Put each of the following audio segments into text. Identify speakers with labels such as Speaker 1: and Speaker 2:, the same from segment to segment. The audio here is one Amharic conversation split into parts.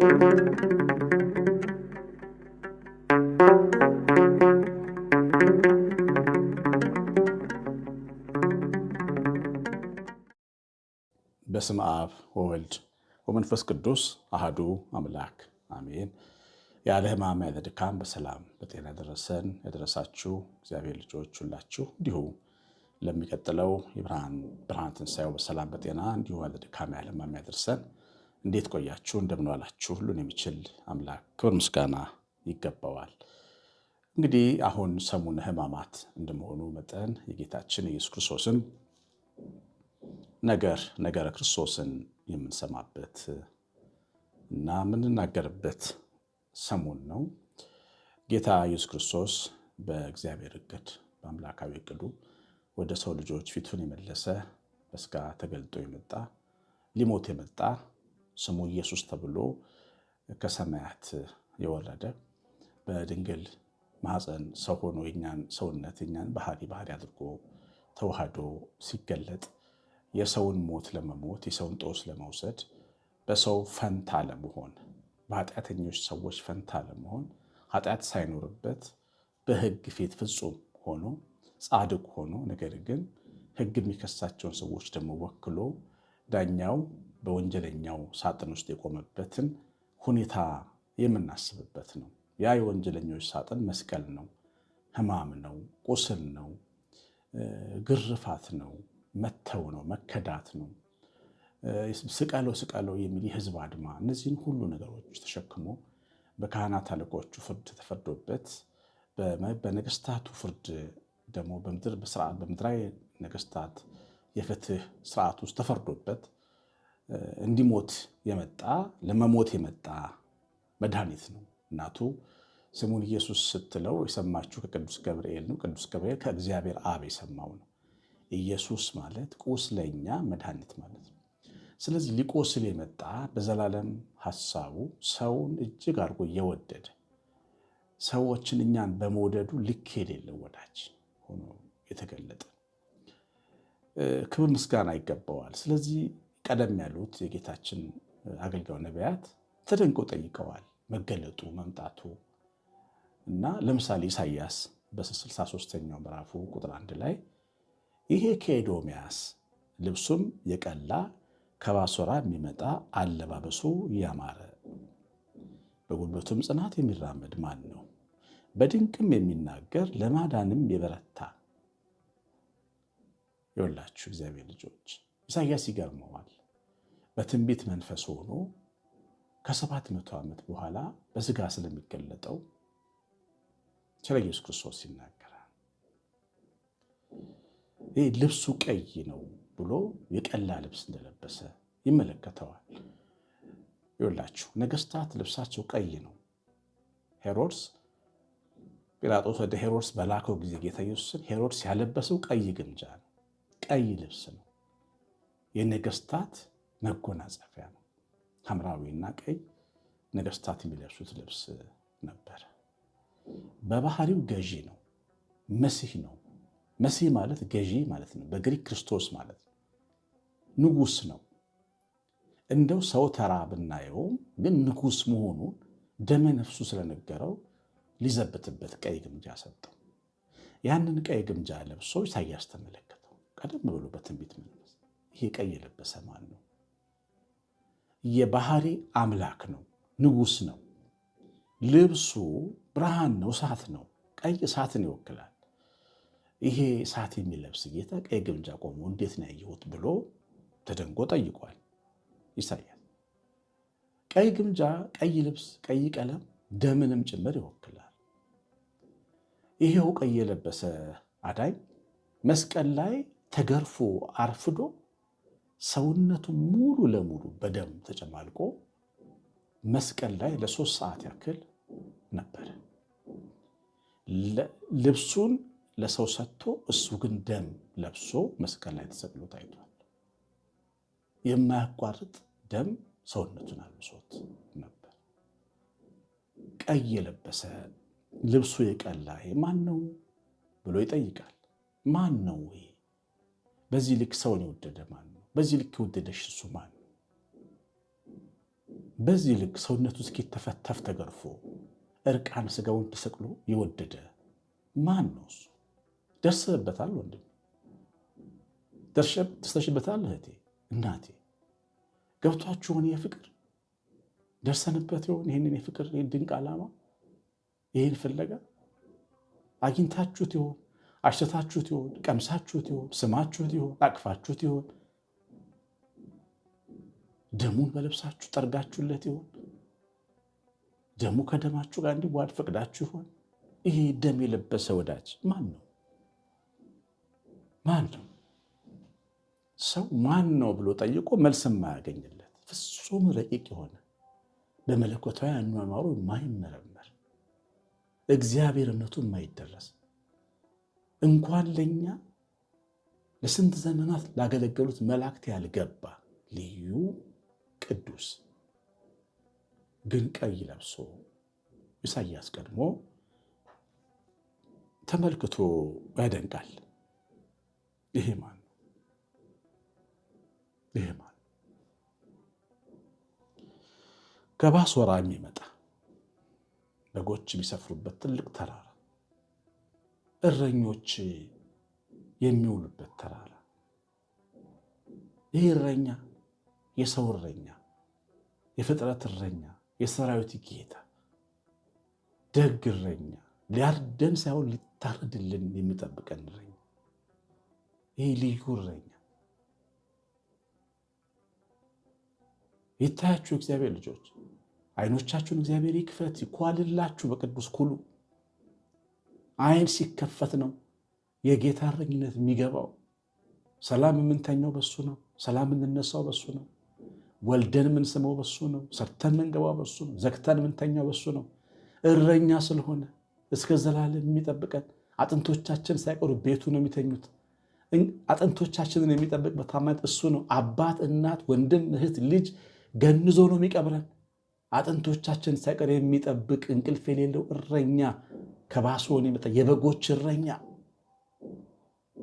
Speaker 1: በስም አብ ወወልድ ወመንፈስ ቅዱስ አህዱ አምላክ አሜን። ያለ ሕማም ያለ ድካም በሰላም በጤና ደረሰን ያደረሳችሁ እግዚአብሔር ልጆች ሁላችሁ እንዲሁ ለሚቀጥለው የብርሃን ትንሣኤው በሰላም በጤና እንዲሁ ያለ ድካም ያለ ሕማም ያደርሰን እንዴት ቆያችሁ? እንደምን ዋላችሁ? ሁሉን የሚችል አምላክ ክብር ምስጋና ይገባዋል። እንግዲህ አሁን ሰሙነ ሕማማት እንደመሆኑ መጠን የጌታችን ኢየሱስ ክርስቶስን ነገር ነገረ ክርስቶስን የምንሰማበት እና የምንናገርበት ሰሙን ነው። ጌታ ኢየሱስ ክርስቶስ በእግዚአብሔር እቅድ በአምላካዊ እቅዱ ወደ ሰው ልጆች ፊቱን የመለሰ በስጋ ተገልጦ የመጣ ሊሞት የመጣ ስሙ ኢየሱስ ተብሎ ከሰማያት የወረደ በድንግል ማህፀን ሰው ሆኖ የኛን ሰውነት የኛን ባህሪ ባህሪ አድርጎ ተዋህዶ ሲገለጥ የሰውን ሞት ለመሞት የሰውን ጦስ ለመውሰድ በሰው ፈንታ ለመሆን በኃጢአተኞች ሰዎች ፈንታ ለመሆን ኃጢአት ሳይኖርበት በህግ ፊት ፍጹም ሆኖ ጻድቅ ሆኖ ነገር ግን ህግ የሚከሳቸውን ሰዎች ደግሞ ወክሎ ዳኛው በወንጀለኛው ሳጥን ውስጥ የቆመበትን ሁኔታ የምናስብበት ነው። ያ የወንጀለኞች ሳጥን መስቀል ነው፣ ህማም ነው፣ ቁስል ነው፣ ግርፋት ነው፣ መተው ነው፣ መከዳት ነው፣ ስቀለው ስቀለው የሚል የህዝብ አድማ፣ እነዚህን ሁሉ ነገሮች ተሸክሞ በካህናት አለቆቹ ፍርድ ተፈርዶበት በነገስታቱ ፍርድ ደግሞ በምድራዊ ነገስታት የፍትህ ስርዓት ውስጥ ተፈርዶበት እንዲሞት የመጣ ለመሞት የመጣ መድኃኒት ነው። እናቱ ስሙን ኢየሱስ ስትለው የሰማችው ከቅዱስ ገብርኤል ነው። ቅዱስ ገብርኤል ከእግዚአብሔር አብ የሰማው ነው። ኢየሱስ ማለት ቁስለኛ መድኃኒት ማለት ነው። ስለዚህ ሊቆስል የመጣ በዘላለም ሐሳቡ ሰውን እጅግ አድርጎ እየወደደ ሰዎችን እኛን በመውደዱ ልክ የሌለው ወዳጅ ሆኖ የተገለጠ ክብር ምስጋና ይገባዋል። ስለዚህ ቀደም ያሉት የጌታችን አገልጋዩ ነቢያት ተደንቆ ጠይቀዋል። መገለጡ መምጣቱ እና ለምሳሌ ኢሳያስ በ63ኛው ምዕራፉ ቁጥር አንድ ላይ ይሄ ከኤዶምያስ ልብሱም የቀላ ከባሶራ የሚመጣ አለባበሱ ያማረ በጉልበቱም ጽናት የሚራመድ ማን ነው? በድንቅም የሚናገር ለማዳንም የበረታ ይወላችሁ እግዚአብሔር ልጆች ኢሳያስ ይገርመዋል። በትንቢት መንፈስ ሆኖ ከሰባት መቶ ዓመት በኋላ በስጋ ስለሚገለጠው ስለ ኢየሱስ ክርስቶስ ይናገራል። ይህ ልብሱ ቀይ ነው ብሎ የቀላ ልብስ እንደለበሰ ይመለከተዋል። ይውላችሁ ነገስታት ልብሳቸው ቀይ ነው። ሄሮድስ ጲላጦስ ወደ ሄሮድስ በላከው ጊዜ ጌታ ኢየሱስን ሄሮድስ ያለበሰው ቀይ ግምጃ ነው፣ ቀይ ልብስ ነው። የነገስታት መጎናጸፊያ ነው። ሐምራዊና ቀይ ነገስታት የሚለብሱት ልብስ ነበር። በባህሪው ገዢ ነው፣ መሲህ ነው። መሲህ ማለት ገዢ ማለት ነው። በግሪክ ክርስቶስ ማለት ነው። ንጉስ ነው። እንደው ሰው ተራ ብናየውም ግን ንጉስ መሆኑን ደመ ነፍሱ ስለነገረው ሊዘብትበት ቀይ ግምጃ ሰጠው። ያንን ቀይ ግምጃ ለብሶ ኢሳያስ ተመለከተው። ቀደም ብሎ በትንቢት ይሄ ቀይ የለበሰ ማን ነው? የባህሪ አምላክ ነው፣ ንጉስ ነው። ልብሱ ብርሃን ነው፣ እሳት ነው። ቀይ እሳትን ይወክላል። ይሄ እሳት የሚለብስ ጌታ ቀይ ግምጃ ቆሞ እንዴት ነው ያየሁት ብሎ ተደንቆ ጠይቋል ኢሳያስ። ቀይ ግምጃ፣ ቀይ ልብስ፣ ቀይ ቀለም ደምንም ጭምር ይወክላል። ይሄው ቀይ የለበሰ አዳኝ መስቀል ላይ ተገርፎ አርፍዶ ሰውነቱ ሙሉ ለሙሉ በደም ተጨማልቆ መስቀል ላይ ለሶስት ሰዓት ያክል ነበር። ልብሱን ለሰው ሰጥቶ እሱ ግን ደም ለብሶ መስቀል ላይ ተሰቅሎ ታይቷል። የማያቋርጥ ደም ሰውነቱን አልብሶት ነበር። ቀይ የለበሰ ልብሱ የቀላ ማን ነው ብሎ ይጠይቃል። ማን ነው? በዚህ ልክ ሰውን የወደደ ማን ነው? በዚህ ልክ የወደደሽ እሱ ማን? በዚህ ልክ ሰውነቱ እስኪተፈተፍ ተገርፎ እርቃነ ስጋውን ተሰቅሎ የወደደ ማን ነው እሱ? ደርሰበታል ወንድም፣ ደርሰሽበታል እህቴ፣ እናቴ፣ ገብቷችሁን? የፍቅር ደርሰንበት ይሆን? ይህንን የፍቅር ድንቅ ዓላማ ይህን ፍለጋ አግኝታችሁት ይሆን? አሽተታችሁት ይሆን? ቀምሳችሁት ይሆን? ስማችሁት ይሆን? አቅፋችሁት ይሆን? ደሙን በልብሳችሁ ጠርጋችሁለት ይሆን? ደሙ ከደማችሁ ጋር እንዲዋሃድ ፈቅዳችሁ ይሆን? ይሄ ደም የለበሰ ወዳጅ ማን ነው? ማን ነው? ሰው ማን ነው ብሎ ጠይቆ መልስ የማያገኝለት ፍጹም ረቂቅ የሆነ በመለኮታዊ አኗኗሩ የማይመረመር እግዚአብሔርነቱ የማይደረስ እንኳን ለእኛ ለስንት ዘመናት ላገለገሉት መላእክት ያልገባ ልዩ ቅዱስ ግን ቀይ ለብሶ ኢሳያስ ቀድሞ ተመልክቶ ያደንቃል። ይሄ ማን ነው? ይሄ ማን ነው? ከባሶራ የሚመጣ በጎች የሚሰፍሩበት ትልቅ ተራራ፣ እረኞች የሚውሉበት ተራራ። ይህ እረኛ የሰው እረኛ የፍጥረት እረኛ፣ የሰራዊት ጌታ፣ ደግ እረኛ፣ ሊያርደን ሳይሆን ሊታረድልን የሚጠብቀን እረኛ፣ ይህ ልዩ እረኛ ይታያችሁ እግዚአብሔር ልጆች፣ አይኖቻችሁን እግዚአብሔር ይክፈት ይኳልላችሁ። በቅዱስ ኩሉ አይን ሲከፈት ነው የጌታ እረኝነት የሚገባው። ሰላም የምንተኛው በሱ ነው። ሰላም የምንነሳው በሱ ነው። ወልደን የምንስመው በሱ ነው። ሰርተን የምንገባው በሱ ነው። ዘግተን የምንተኛው በሱ ነው። እረኛ ስለሆነ እስከ ዘላለም የሚጠብቀን አጥንቶቻችን ሳይቀሩ ቤቱ ነው የሚተኙት። አጥንቶቻችንን የሚጠብቅ በታማኝ እሱ ነው። አባት፣ እናት፣ ወንድም፣ እህት፣ ልጅ ገንዞ ነው የሚቀብረን። አጥንቶቻችን ሳይቀር የሚጠብቅ እንቅልፍ የሌለው እረኛ ከባሶ የመጣ የበጎች እረኛ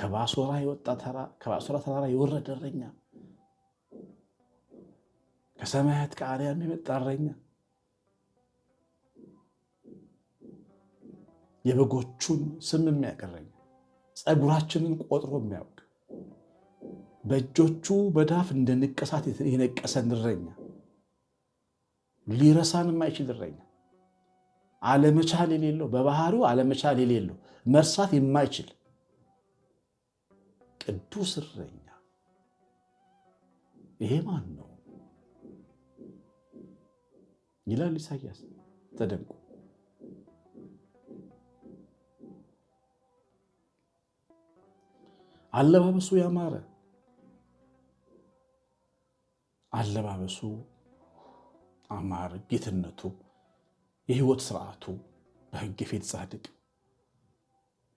Speaker 1: ከባሶራ የወጣ ተራ ከባሶራ ተራራ የወረደ እረኛ ከሰማያት ከአርያም የመጣ እረኛ የበጎቹን ስም የሚያቀረኝ እረኛ ጸጉራችንን ቆጥሮ የሚያውቅ በእጆቹ በዳፍ እንደ ንቀሳት የነቀሰን እረኛ ሊረሳን የማይችል እረኛ አለመቻል የሌለው በባህሪው አለመቻል የሌለው መርሳት የማይችል ቅዱስ እረኛ ይሄ ማን ነው? ይላል ኢሳያስ ተደንቁ። አለባበሱ ያማረ አለባበሱ አማረ፣ ጌትነቱ፣ የህይወት ስርዓቱ በህግ ፊት ጻድቅ፣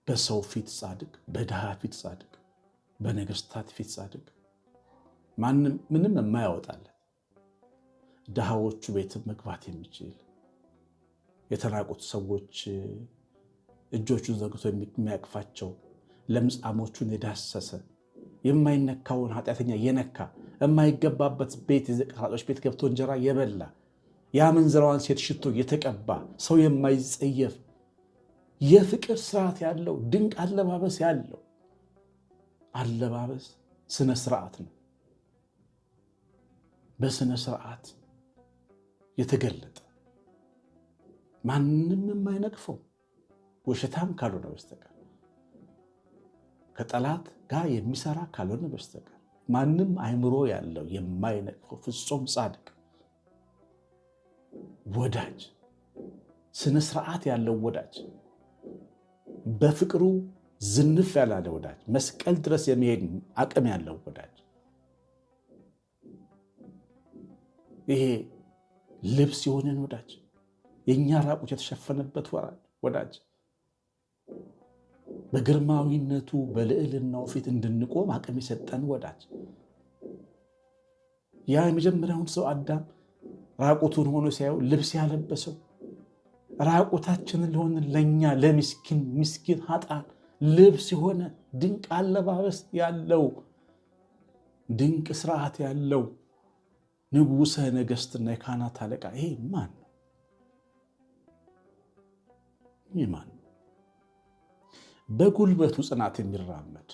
Speaker 1: በሰው ፊት ጻድቅ፣ በድሃ ፊት ጻድቅ፣ በነገስታት ፊት ጻድቅ፣ ማንም ምንም የማያወጣለን ድሃዎቹ ቤት መግባት የሚችል የተራቁት ሰዎች እጆቹን ዘግቶ የሚያቅፋቸው ለምጻሞቹን የዳሰሰ የማይነካውን ኃጢአተኛ የነካ የማይገባበት ቤት የዘቀራጮች ቤት ገብቶ እንጀራ የበላ የአመንዝራዋን ሴት ሽቶ የተቀባ ሰው የማይጸየፍ የፍቅር ስርዓት ያለው ድንቅ አለባበስ ያለው አለባበስ ስነ ስርዓት ነው። በስነ ስርዓት የተገለጠ ማንም የማይነቅፈው ውሸታም ካልሆነ በስተቀር ከጠላት ጋር የሚሰራ ካልሆነ በስተቀር ማንም አይምሮ ያለው የማይነቅፈው ፍጹም ጻድቅ ወዳጅ፣ ስነ ስርዓት ያለው ወዳጅ፣ በፍቅሩ ዝንፍ ያላለ ወዳጅ፣ መስቀል ድረስ የሚሄድ አቅም ያለው ወዳጅ ይሄ ልብስ የሆነን ወዳጅ፣ የእኛ ራቁት የተሸፈነበት ወዳጅ በግርማዊነቱ በልዕልናው ፊት እንድንቆም አቅም የሰጠን ወዳጅ ያ የመጀመሪያውን ሰው አዳም ራቁቱን ሆኖ ሲያየው ልብስ ያለበሰው ራቁታችንን ለሆነ ለእኛ ለምስኪን ምስኪን ሀጣን ልብስ የሆነ ድንቅ አለባበስ ያለው ድንቅ ስርዓት ያለው ንጉሰ ነገስትና የካህናት አለቃ ይሄ ማን ነው? ይህ ማን ነው? በጉልበቱ ጽናት የሚራመድ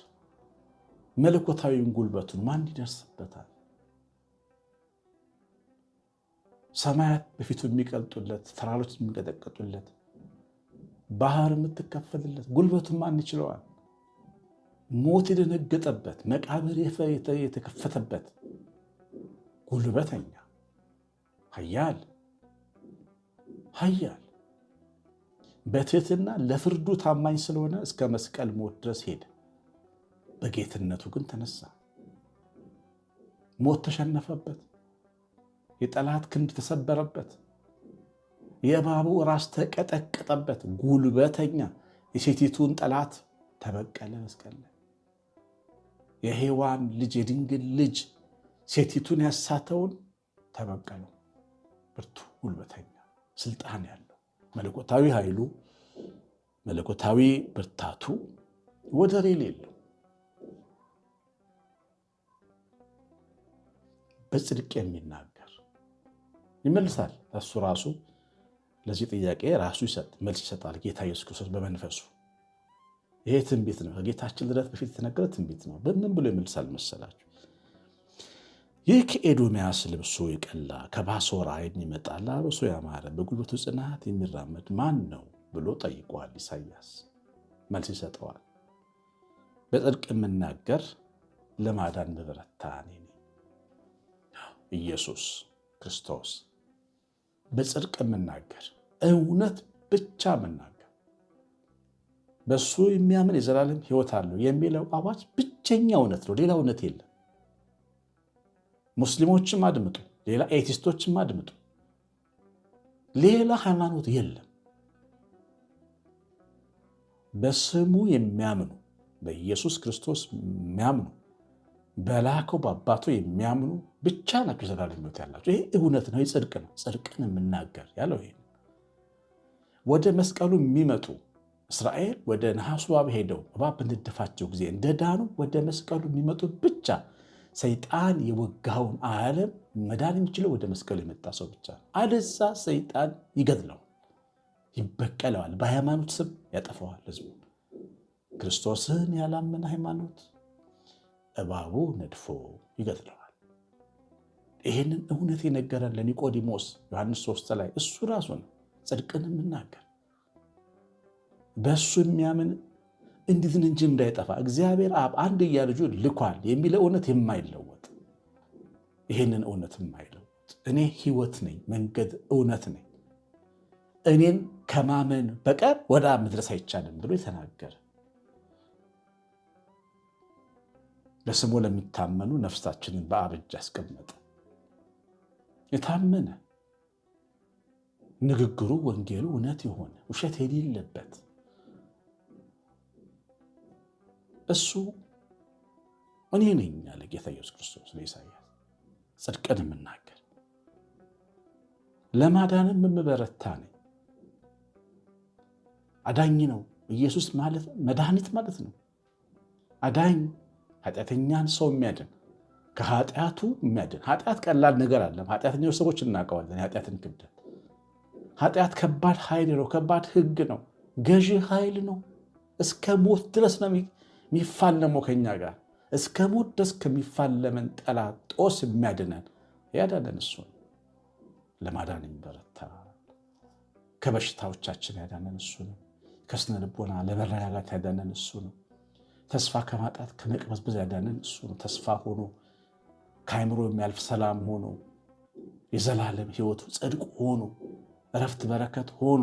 Speaker 1: መለኮታዊን ጉልበቱን ማን ይደርስበታል? ሰማያት በፊቱ የሚቀልጡለት፣ ተራሮች የሚንቀጠቀጡለት፣ ባህር የምትከፈልለት ጉልበቱን ማን ይችለዋል? ሞት የደነገጠበት፣ መቃብር የተከፈተበት ጉልበተኛ ኃያል ኃያል በትህትና ለፍርዱ ታማኝ ስለሆነ እስከ መስቀል ሞት ድረስ ሄደ። በጌትነቱ ግን ተነሳ። ሞት ተሸነፈበት። የጠላት ክንድ ተሰበረበት። የእባቡ ራስ ተቀጠቀጠበት። ጉልበተኛ የሴቲቱን ጠላት ተበቀለ መስቀል ላይ የሔዋን ልጅ የድንግል ልጅ ሴቲቱን ያሳተውን ተበቀሉ። ብርቱ ጉልበተኛ፣ ስልጣን ያለው መለኮታዊ ኃይሉ መለኮታዊ ብርታቱ ወደር የሌለው በጽድቅ የሚናገር ይመልሳል። እሱ ራሱ ለዚህ ጥያቄ ራሱ ይሰጥ መልስ ይሰጣል። ጌታ ኢየሱስ ክርስቶስ በመንፈሱ ይሄ ትንቢት ነው። ከጌታችን ልደት በፊት የተነገረ ትንቢት ነው። በምን ብሎ ይመልሳል መሰላችሁ? ይህ ከኤዶምያስ ልብሱ የቀላ ከባሶራ የሚመጣ ላብሶ ያማረ በጉልበቱ ጽናት የሚራመድ ማን ነው ብሎ ጠይቋል። ኢሳያስ መልስ ይሰጠዋል። በጽድቅ የምናገር ለማዳን ብበረታ ኢየሱስ ክርስቶስ በጽድቅ የምናገር እውነት ብቻ የምናገር በእሱ የሚያምን የዘላለም ሕይወት አለው የሚለው አዋጅ ብቸኛ እውነት ነው። ሌላ እውነት የለም። ሙስሊሞችም አድምጡ፣ ሌላ ኤቲስቶችም አድምጡ። ሌላ ሃይማኖት የለም። በስሙ የሚያምኑ በኢየሱስ ክርስቶስ የሚያምኑ በላከው በአባቱ የሚያምኑ ብቻ ናቸው የዘላለም ሕይወት ያላቸው። ይሄ እውነት ነው፣ ጽድቅ ነው። ጽድቅን የምናገር ያለው ይሄ ወደ መስቀሉ የሚመጡ እስራኤል ወደ ነሐሱ እባብ ሄደው እባብ በነደፋቸው ጊዜ እንደዳኑ ወደ መስቀሉ የሚመጡ ብቻ ሰይጣን የወጋውን ዓለም መዳን የሚችለው ወደ መስቀሉ የመጣ ሰው ብቻ ነው። አደዛ ሰይጣን ይገድለዋል፣ ይበቀለዋል፣ በሃይማኖት ስም ያጠፈዋል። ህዝቡ ክርስቶስን ያላመን ሃይማኖት እባቡ ነድፎ ይገድለዋል። ይህንን እውነት የነገረን ለኒቆዲሞስ ዮሐንስ ሶስት ላይ እሱ ራሱ ነው። ጽድቅን የምናገር በእሱ የሚያምን እንዲድን እንጂ እንዳይጠፋ እግዚአብሔር አብ አንድያ ልጁ ልኳል የሚለው እውነት የማይለወጥ ይህንን እውነት የማይለወጥ እኔ ህይወት ነኝ፣ መንገድ እውነት ነኝ፣ እኔን ከማመን በቀር ወደ አብ መድረስ አይቻልም ብሎ የተናገረ ለስሙ ለሚታመኑ ነፍሳችንን በአብ እጅ አስቀመጠ። የታመነ ንግግሩ ወንጌሉ እውነት የሆነ ውሸት የሌለበት እሱ እኔ ነኝ አለ ጌታ ኢየሱስ ክርስቶስ ለኢሳያስ ጽድቅን የምናገር ለማዳንም የምበረታ ነኝ። አዳኝ ነው ኢየሱስ ማለት መድኃኒት ማለት ነው። አዳኝ ኃጢአተኛን ሰው የሚያድን ከኃጢአቱ የሚያድን ኃጢአት ቀላል ነገር አለም። ኃጢአተኛ ሰዎች እናውቀዋለን የኃጢአትን ክብደት። ኃጢአት ከባድ ኃይል ነው፣ ከባድ ህግ ነው፣ ገዢ ኃይል ነው። እስከ ሞት ድረስ ነው የሚፋለመው ከኛ ጋር እስከ ሞት ደስ ከሚፋለመን ጠላት ጦስ የሚያድነን ያዳነን እሱ ለማዳን የሚበረታ ከበሽታዎቻችን ያዳነን እሱ ነው። ከስነ ልቦና ለመረጋጋት ያዳነን እሱ ነው። ተስፋ ከማጣት ከመቅበዝበዝ ያዳነን እሱ ነው። ተስፋ ሆኖ ከአይምሮ የሚያልፍ ሰላም ሆኖ የዘላለም ሕይወቱ ጽድቅ ሆኖ እረፍት በረከት ሆኖ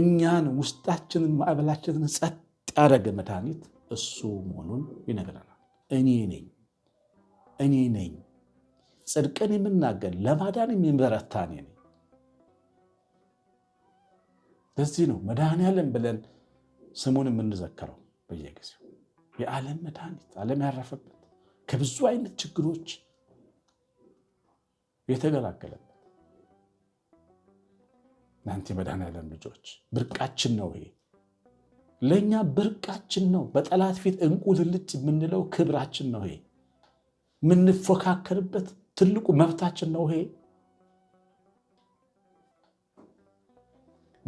Speaker 1: እኛን ውስጣችንን ማዕበላችንን ጸጥ ያደረገ መድኃኒት እሱ መሆኑን ይነግረናል። እኔ ነኝ እኔ ነኝ ጽድቅን የምናገር ለማዳን የሚበረታ እኔ ነኝ። ለዚህ ነው መድኃኔዓለም ብለን ስሙን የምንዘከረው በየጊዜው የዓለም መድኃኒት ዓለም ያረፈበት ከብዙ አይነት ችግሮች የተገላገለበት እናንተ የመድኃኔዓለም ልጆች ብርቃችን ነው ይሄ። ለእኛ ብርቃችን ነው። በጠላት ፊት እንቁልልጭ የምንለው ክብራችን ነው። ይሄ የምንፎካከርበት ትልቁ መብታችን ነው። ይሄ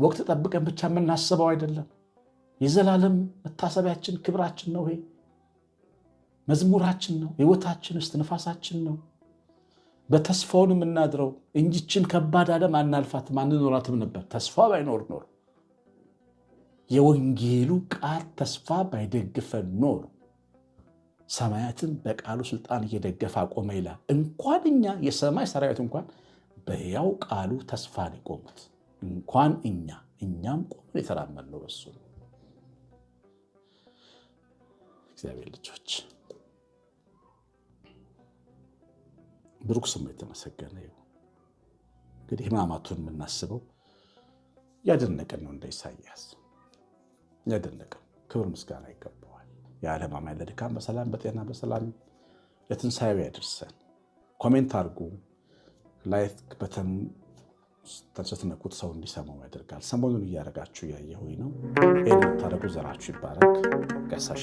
Speaker 1: ወቅት ጠብቀን ብቻ የምናስበው አይደለም። የዘላለም መታሰቢያችን ክብራችን ነው። ይሄ መዝሙራችን ነው። ህይወታችን ውስጥ ንፋሳችን ነው። በተስፋውን የምናድረው እንጂችን ከባድ ዓለም አናልፋትም አንኖራትም ነበር ተስፋ ባይኖር ኖር የወንጌሉ ቃል ተስፋ ባይደግፈን ኖሮ ሰማያትን በቃሉ ስልጣን እየደገፈ አቆመ ይላል። እንኳን እኛ የሰማይ ሰራዊት እንኳን በያው ቃሉ ተስፋ ነው የቆሙት። እንኳን እኛ እኛም ቆመን የተራመድነው በሱ ነው። እግዚአብሔር ልጆች ብሩክ ስሙ የተመሰገነ ይሁን። እንግዲህ ሕማማቱን የምናስበው ያደነቀን ነው እንደ ኢሳያስ ያደለቀም ክብር ምስጋና ይገባዋል። የዓለም ለድካም በሰላም በጤና በሰላም ለትንሣኤው ያደርሰን። ኮሜንት አድርጉ። ላይክ በተን ስትነኩት ሰው እንዲሰማው ያደርጋል። ሰሞኑን እያደረጋችሁ ያየሁኝ ነው። ይህ የምታደርጉ ዘራችሁ ይባረክ። ገሳሽ